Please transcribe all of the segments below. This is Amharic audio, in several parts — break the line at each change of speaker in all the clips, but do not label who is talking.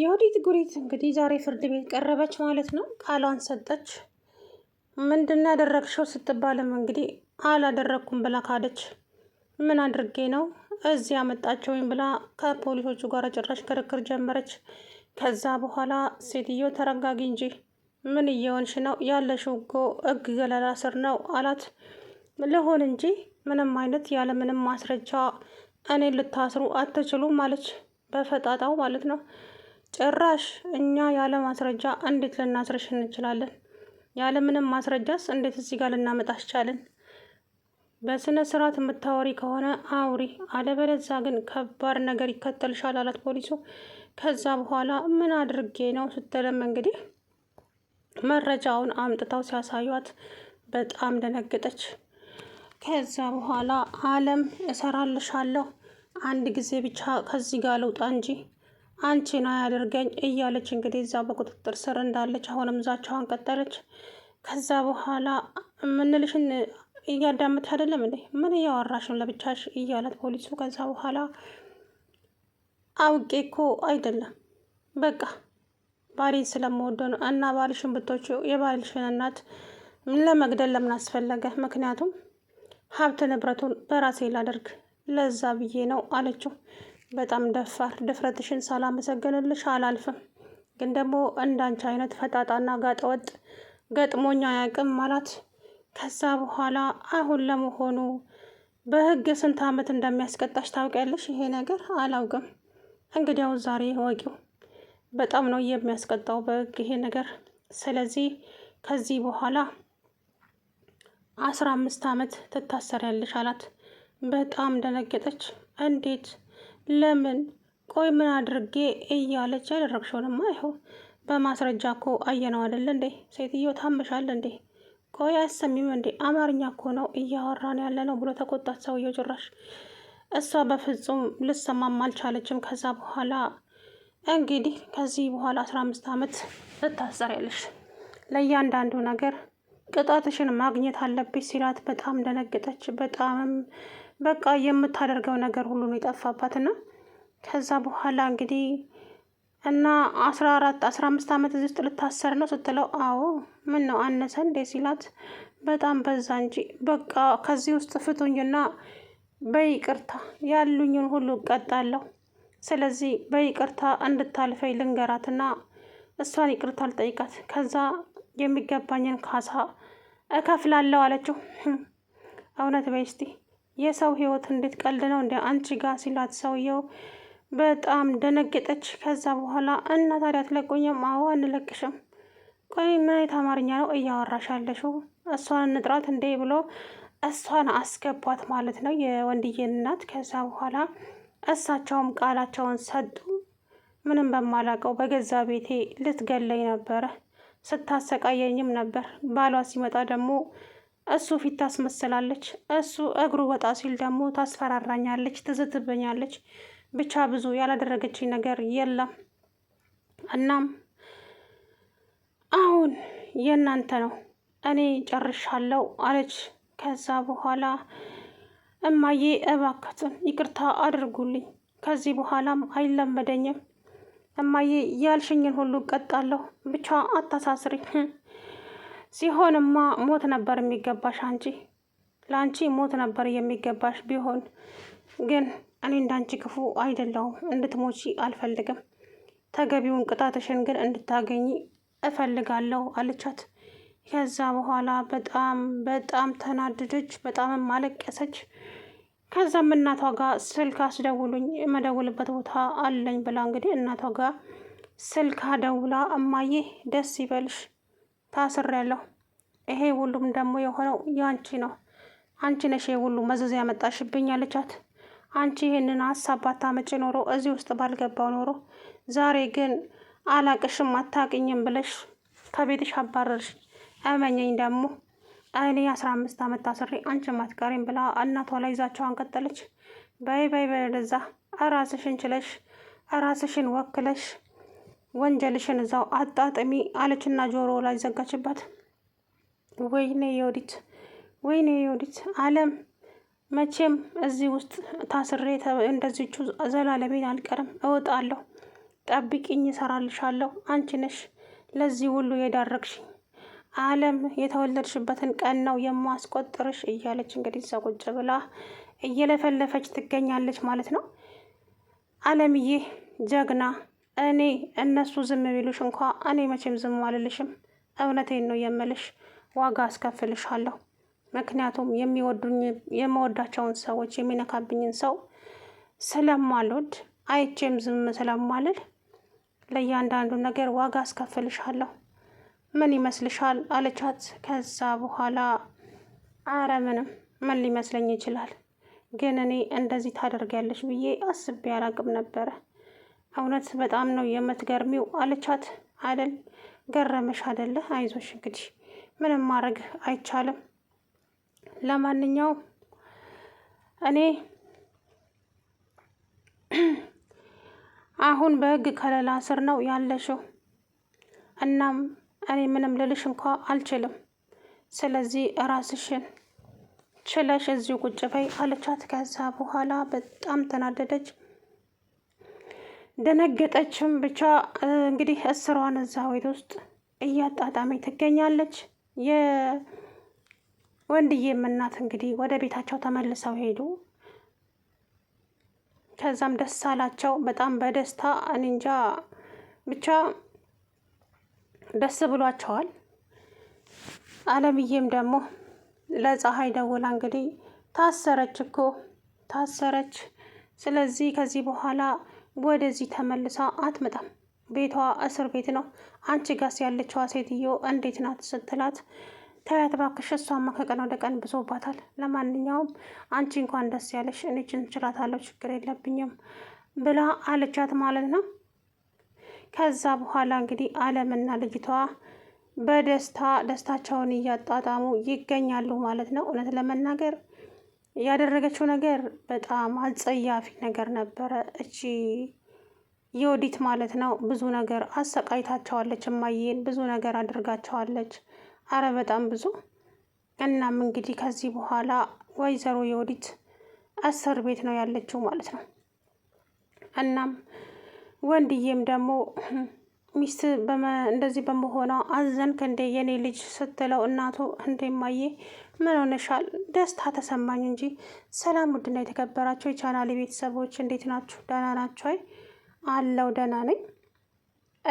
የወዲት ጉሪት እንግዲህ ዛሬ ፍርድ ቤት ቀረበች ማለት ነው። ቃሏን ሰጠች። ምንድን ያደረግሽው ስትባልም እንግዲህ አላደረግኩም ብላ ካደች። ምን አድርጌ ነው እዚህ ያመጣቸውኝ ብላ ከፖሊሶቹ ጋር ጭራሽ ክርክር ጀመረች። ከዛ በኋላ ሴትዮ ተረጋጊ እንጂ ምን እየሆንሽ ነው? ያለሽው እኮ እግ ገለላ ስር ነው አላት። ልሆን እንጂ ምንም አይነት ያለምንም ማስረጃ እኔ ልታስሩ አትችሉም አለች። በፈጣጣው ማለት ነው። ጭራሽ እኛ ያለ ማስረጃ እንዴት ልናስረሽ እንችላለን? ያለ ምንም ማስረጃስ እንዴት እዚህ ጋር ልናመጣሽ ቻልን? በስነ ስርዓት የምታወሪ ከሆነ አውሪ፣ አለበለዛ ግን ከባድ ነገር ይከተልሻል አላት ፖሊሱ። ከዛ በኋላ ምን አድርጌ ነው ስትለም እንግዲህ መረጃውን አምጥተው ሲያሳዩት በጣም ደነገጠች። ከዛ በኋላ አለም እሰራልሻለሁ፣ አንድ ጊዜ ብቻ ከዚህ ጋር ልውጣ እንጂ አንቺን አያደርገኝ እያለች እንግዲህ እዛ በቁጥጥር ስር እንዳለች አሁንም ዛቻዋን ቀጠለች። ከዛ በኋላ ምንልሽን እያዳመጥሽ አይደለም እንዴ? ምን እያወራሽን ለብቻሽ እያላት ፖሊሱ። ከዛ በኋላ አውቄ እኮ አይደለም በቃ ባሌን ስለምወደው ነው። እና ባልሽን ብቶች የባልሽን እናት ለመግደል ለምን አስፈለገ? ምክንያቱም ሀብት ንብረቱን በራሴ ላደርግ ለዛ ብዬ ነው አለችው። በጣም ደፋር ድፍረትሽን ሳላመሰግንልሽ አላልፍም። ግን ደግሞ እንዳንቺ አይነት ፈጣጣና ጋጠወጥ ገጥሞኝ አያውቅም አላት። ከዛ በኋላ አሁን ለመሆኑ በህግ ስንት ዓመት እንደሚያስቀጣሽ ታውቂያለሽ? ይሄ ነገር አላውቅም። እንግዲያው ዛሬ ወቂው በጣም ነው የሚያስቀጣው በህግ ይሄ ነገር። ስለዚህ ከዚህ በኋላ አስራ አምስት ዓመት ትታሰሪያለሽ አላት። በጣም ደነገጠች። እንዴት ለምን ቆይ ምን አድርጌ እያለች ያደረግሽውንማ ይኸው በማስረጃ እኮ አየነው አይደል እንዴ? ሴትዮ ታመሻል እንዴ? ቆይ አያሰሚም እንዴ? አማርኛ እኮ ነው እያወራን ያለ ነው ብሎ ተቆጣት ሰውየው። ጭራሽ እሷ በፍጹም ልሰማም አልቻለችም። ከዛ በኋላ እንግዲህ ከዚህ በኋላ አስራ አምስት ዓመት ትታሰሪያለሽ ለእያንዳንዱ ነገር ቅጣትሽን ማግኘት አለብሽ ሲላት በጣም ደነገጠች። በጣምም በቃ የምታደርገው ነገር ሁሉ ነው የጠፋባት እና ከዛ በኋላ እንግዲህ እና አስራ አራት አስራ አምስት ዓመት እዚህ ውስጥ ልታሰር ነው ስትለው፣ አዎ ምን ነው አነሰ እንዴ ሲላት፣ በጣም በዛ እንጂ በቃ ከዚህ ውስጥ ፍቱኝና በይቅርታ ያሉኝን ሁሉ እቀጣለሁ። ስለዚህ በይቅርታ እንድታልፈኝ ልንገራትና እሷን ይቅርታ ልጠይቃት፣ ከዛ የሚገባኝን ካሳ እከፍላለሁ አለችው። እውነት በይ እስቲ የሰው ህይወት እንዴት ቀልድ ነው እንደ አንቺ ጋር ሲላት ሰውየው በጣም ደነገጠች። ከዛ በኋላ እና ታዲያ አትለቁኝም? አዎ አንለቅሽም። ቆይ ምን አይነት አማርኛ ነው እያወራሽ ያለሽው? እሷን እንጥራት እንዴ ብሎ እሷን አስገቧት ማለት ነው የወንድዬ እናት። ከዛ በኋላ እሳቸውም ቃላቸውን ሰጡ። ምንም በማላውቀው በገዛ ቤቴ ልትገለኝ ነበረ፣ ስታሰቃየኝም ነበር። ባሏ ሲመጣ ደግሞ እሱ ፊት ታስመስላለች፣ እሱ እግሩ ወጣ ሲል ደግሞ ታስፈራራኛለች፣ ትዝትበኛለች። ብቻ ብዙ ያላደረገችኝ ነገር የለም። እናም አሁን የእናንተ ነው፣ እኔ ጨርሻለሁ አለች። ከዛ በኋላ እማዬ እባክትን ይቅርታ አድርጉልኝ፣ ከዚህ በኋላም አይለመደኝም። እማዬ ያልሽኝን ሁሉ እቀጣለሁ፣ ብቻ አታሳስሪኝ ሲሆንማ ሞት ነበር የሚገባሽ አንቺ ለአንቺ ሞት ነበር የሚገባሽ። ቢሆን ግን እኔ እንዳንቺ ክፉ አይደለሁም። እንድትሞቺ አልፈልግም። ተገቢውን ቅጣትሽን ግን እንድታገኝ እፈልጋለሁ አለቻት። ከዛ በኋላ በጣም በጣም ተናድደች በጣምም አለቀሰች። ከዛም እናቷ ጋር ስልክ አስደውሉኝ የመደውልበት ቦታ አለኝ ብላ እንግዲህ እናቷ ጋር ስልክ አደውላ እማዬ ደስ ይበልሽ ታስሬያለሁ። ይሄ ሁሉም ደግሞ የሆነው የአንቺ ነው። አንቺ ነሽ ይሄ ሁሉ መዘዝ ያመጣሽብኝ አለቻት። አንቺ ይህንን ሀሳብ ባታመጪ ኖሮ እዚህ ውስጥ ባልገባው ኖሮ ዛሬ ግን አላቅሽም አታቅኝም ብለሽ ከቤትሽ አባረርሽ። እመኘኝ ደግሞ እኔ አስራ አምስት ዓመት ታስሬ አንቺ ማትቀሪም ብላ እናቷ ላይ ይዛቸዋን ቀጠለች። በይ በይ በለዛ ራስሽን ችለሽ ራስሽን ወክለሽ ወንጀልሽን እዛው አጣጥሚ አለችና ጆሮ ላይ ዘጋችባት። ወይኔ የወዲት ወይኔ የወዲት አለም መቼም እዚህ ውስጥ ታስሬ እንደዚቹ ዘላለሜን አልቀርም። እወጣለሁ፣ ጠብቂኝ፣ እሰራልሻለሁ። አንቺ ነሽ ለዚህ ሁሉ የዳረግሽ አለም የተወለድሽበትን ቀን ነው የማስቆጥርሽ እያለች እንግዲህ እዛ ቁጭ ብላ እየለፈለፈች ትገኛለች ማለት ነው። አለምዬ ጀግና እኔ እነሱ ዝም ቢሉሽ እንኳ እኔ መቼም ዝም አልልሽም። እውነቴን ነው የምልሽ፣ ዋጋ አስከፍልሻለሁ። ምክንያቱም የሚወዱኝ የመወዳቸውን ሰዎች የሚነካብኝን ሰው ስለማልወድ አይቼም ዝም ስለማልል ለእያንዳንዱ ነገር ዋጋ አስከፍልሻለሁ። ምን ይመስልሻል አለቻት። ከዛ በኋላ አረ ምንም ምን ሊመስለኝ ይችላል፣ ግን እኔ እንደዚህ ታደርጊያለሽ ብዬ አስቤ አላቅም ነበረ እውነት በጣም ነው የምትገርሚው አለቻት። አደል ገረመሽ አደለ? አይዞሽ እንግዲህ ምንም ማድረግ አይቻልም። ለማንኛውም እኔ አሁን በህግ ከለላ ስር ነው ያለሽው። እናም እኔ ምንም ልልሽ እንኳ አልችልም። ስለዚህ ራስሽን ችለሽ እዚሁ ቁጭ በይ አለቻት። ከዛ በኋላ በጣም ተናደደች። ደነገጠችም። ብቻ እንግዲህ እስሯን እዛ ቤት ውስጥ እያጣጣሚ ትገኛለች። የወንድዬም እናት እንግዲህ ወደ ቤታቸው ተመልሰው ሄዱ። ከዛም ደስ አላቸው በጣም በደስታ እንጃ ብቻ ደስ ብሏቸዋል። አለምዬም ደግሞ ለፀሐይ ደውላ እንግዲህ ታሰረች እኮ ታሰረች፣ ስለዚህ ከዚህ በኋላ ወደዚህ ተመልሳ አትመጣም። ቤቷ እስር ቤት ነው። አንቺ ጋስ ያለችዋ ሴትዮ እንዴት ናት ስትላት ተያት እባክሽ፣ እሷማ ከቀን ወደ ቀን ብሶባታል። ለማንኛውም አንቺ እንኳን ደስ ያለሽ፣ እኔችን እንችላታለሁ፣ ችግር የለብኝም ብላ አለቻት ማለት ነው። ከዛ በኋላ እንግዲህ አለምና ልጅቷ በደስታ ደስታቸውን እያጣጣሙ ይገኛሉ ማለት ነው እውነት ለመናገር ያደረገችው ነገር በጣም አጸያፊ ነገር ነበረ። እቺ የወዲት ማለት ነው ብዙ ነገር አሰቃይታቸዋለች፣ እማዬን ብዙ ነገር አድርጋቸዋለች። አረ በጣም ብዙ። እናም እንግዲህ ከዚህ በኋላ ወይዘሮ የወዲት እስር ቤት ነው ያለችው ማለት ነው። እናም ወንድዬም ደግሞ ሚስት እንደዚህ በመሆኗ አዘንክ እንዴ የኔ ልጅ ስትለው እናቱ እንዴ ማዬ ምን ሆነሻል? ደስታ ተሰማኝ እንጂ። ሰላም ውድና የተከበራቸው የቻናል ቤተሰቦች እንዴት ናችሁ? ደህና ናችሁ? አይ አለው ደህና ነኝ።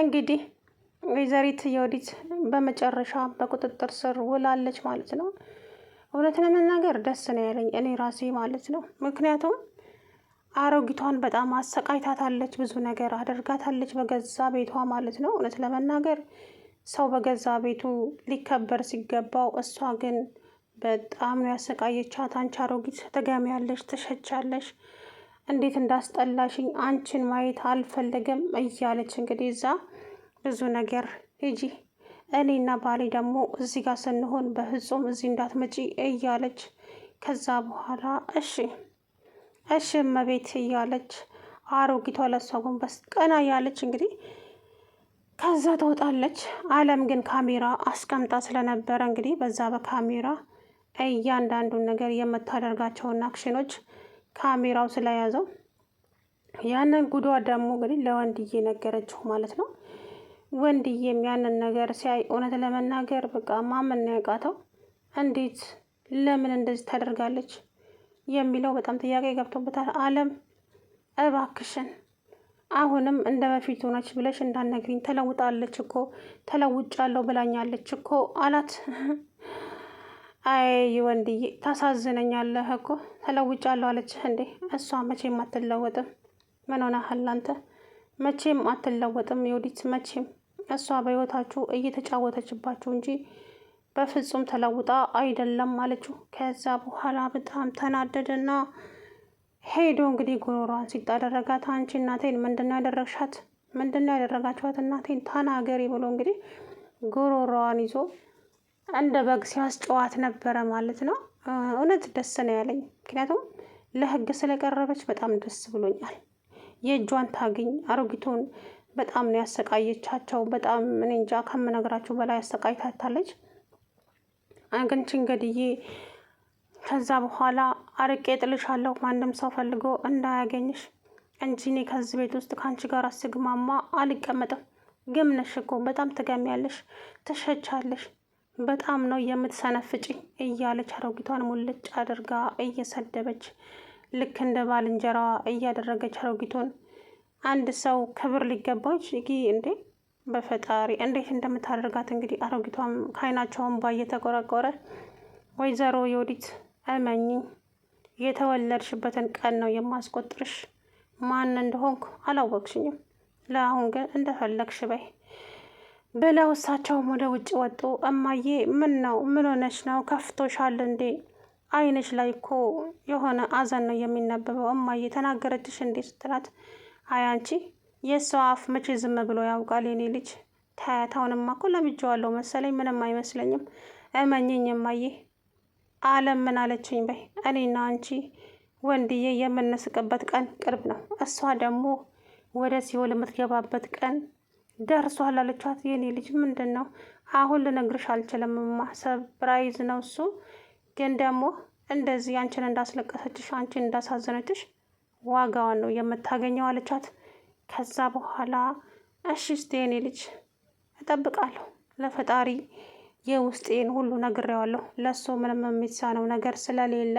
እንግዲህ ወይዘሪት የወዲት በመጨረሻ በቁጥጥር ስር ውላለች ማለት ነው። እውነት ለመናገር ደስ ነው ያለኝ እኔ ራሴ ማለት ነው። ምክንያቱም አሮጊቷን በጣም አሰቃይታታለች። ብዙ ነገር አደርጋታለች በገዛ ቤቷ ማለት ነው። እውነት ለመናገር ሰው በገዛ ቤቱ ሊከበር ሲገባው፣ እሷ ግን በጣም ነው ያሰቃየቻት። አንቺ አሮጊት ተገሚያለሽ፣ ትሸቻለሽ፣ እንዴት እንዳስጠላሽኝ አንቺን ማየት አልፈለግም እያለች እንግዲህ እዛ ብዙ ነገር ሂጂ፣ እኔና ባሌ ደግሞ እዚህ ጋር ስንሆን በፍጹም እዚህ እንዳትመጪ እያለች ከዛ በኋላ እሺ እሺ እመቤት እያለች አሮጊቷ ለሷ ጎንበስ ቀና እያለች እንግዲህ ከዛ ትወጣለች። አለም ግን ካሜራ አስቀምጣ ስለነበረ እንግዲህ በዛ በካሜራ እያንዳንዱን ነገር የምታደርጋቸውን አክሽኖች ካሜራው ስለያዘው ያንን ጉዷ ደግሞ እንግዲህ ለወንድዬ ነገረችው ማለት ነው። ወንድዬም ያንን ነገር ሲያይ እውነት ለመናገር በቃ ማመን ያቃተው እንዴት ለምን እንደዚህ ታደርጋለች የሚለው በጣም ጥያቄ ገብቶበታል። አለም እባክሽን አሁንም እንደ በፊቱ ነች ብለሽ እንዳነግሪኝ ተለውጣለች እኮ ተለውጫለሁ ብላኛለች እኮ አላት። አይ ወንድዬ ታሳዝነኛለህ እኮ ተለውጫለሁ አለች እንዴ? እሷ መቼም አትለወጥም። ምን ሆነሃል አንተ? መቼም አትለወጥም። የወዲት መቼም እሷ በህይወታችሁ እየተጫወተችባችሁ እንጂ በፍጹም ተለውጣ አይደለም አለችው። ከዛ በኋላ በጣም ተናደደና ሄዶ እንግዲህ ጉሮሯን ሲጥ አደረጋት። አንቺ እናቴን ምንድነው ያደረግሻት? ምንድነው ያደረጋችኋት? እናቴን ተናገሪ ብሎ እንግዲህ ጉሮሯዋን ይዞ እንደ በግ ሲያስጨዋት ነበረ ማለት ነው። እውነት ደስ ነው ያለኝ፣ ምክንያቱም ለህግ ስለቀረበች በጣም ደስ ብሎኛል። የእጇን ታገኝ አሮጊቱን በጣም ነው ያሰቃየቻቸው። በጣም እኔ እንጃ ከምነግራችሁ በላይ ያሰቃይታታለች። አንቺን ገድዬ ከዛ በኋላ አርቄ ጥልሻለሁ ማንም ሰው ፈልጎ እንዳያገኝሽ እንጂ እኔ ከዚህ ቤት ውስጥ ከአንቺ ጋር ስግማማ አልቀመጥም። ግም ነሽ እኮ በጣም ትገሚያለሽ፣ ትሸቻለሽ፣ በጣም ነው የምትሰነፍጪ እያለች አሮጊቷን ሙልጭ አድርጋ እየሰደበች ልክ እንደ ባልንጀራዋ እያደረገች አሮጊቱን አንድ ሰው ክብር ሊገባው እንዴ? በፈጣሪ እንዴት እንደምታደርጋት እንግዲህ አሮጊቷም ከአይናቸውን ባ እየተቆረቆረ ወይዘሮ ዮዲት እመኝ የተወለድሽበትን ቀን ነው የማስቆጥርሽ። ማን እንደሆንኩ አላወቅሽኝም። ለአሁን ግን እንደፈለግሽ በይ ብለው እሳቸውም ወደ ውጭ ወጡ። እማዬ ምን ነው ምን ሆነሽ ነው? ከፍቶሻል እንዴ? አይንሽ ላይ እኮ የሆነ አዘን ነው የሚነበበው። እማዬ ተናገረችሽ እንዴ ስትላት አይ አንቺ የእሷ አፍ መቼ ዝም ብሎ ያውቃል? የኔ ልጅ ታያታውንማ አሁንማ እኮ ለምጄዋለሁ መሰለኝ። ምንም አይመስለኝም። እመኝኝ የማዬ አለም ምን አለችኝ በይ። እኔና አንቺ ወንድዬ የምንስቅበት ቀን ቅርብ ነው። እሷ ደግሞ ወደ ሲኦል የምትገባበት ቀን ደርሷል አለቻት። የኔ ልጅ ምንድን ነው አሁን ልነግርሽ አልችልም ሰብራይዝ ነው እሱ። ግን ደግሞ እንደዚህ አንቺን እንዳስለቀሰችሽ፣ አንቺን እንዳሳዘነችሽ ዋጋዋን ነው የምታገኘው አለቻት። ከዛ በኋላ እሺ እስቲ የኔ ልጅ እጠብቃለሁ። ለፈጣሪ የውስጤን ሁሉ ነግሬዋለሁ። ለሱ ምንም የሚሳነው ነገር ስለሌለ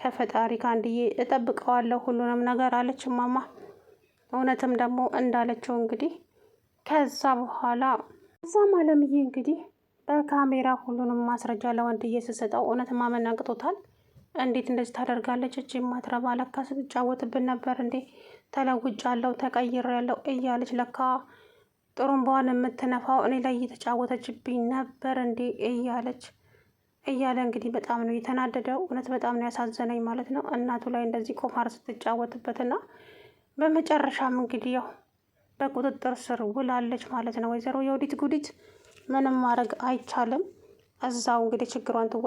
ከፈጣሪ ከአንድዬ እጠብቀዋለሁ ሁሉንም ነገር አለች እማማ። እውነትም ደግሞ እንዳለችው እንግዲህ ከዛ በኋላ ከዛም አለምዬ እንግዲህ በካሜራ ሁሉንም ማስረጃ ለወንድዬ ስሰጠው እውነት ማመን አቅቶታል። እንዴት እንደዚህ ታደርጋለች? እጅ ማትረባ ለካ ስትጫወትብን ነበር እንዴ ተለውጫለሁ፣ ተቀይሬያለሁ እያለች ለካ ጥሩምባዋን የምትነፋው እኔ ላይ እየተጫወተችብኝ ነበር እንዴ እያለች እያለ እንግዲህ በጣም ነው የተናደደው። እውነት በጣም ነው ያሳዘነኝ ማለት ነው እናቱ ላይ እንደዚህ ቁማር ስትጫወትበትና በመጨረሻም እንግዲህ ያው በቁጥጥር ስር ውላለች ማለት ነው። ወይዘሮ የውዲት ጉዲት ምንም ማድረግ አይቻልም። እዛው እንግዲህ ችግሯን ትወ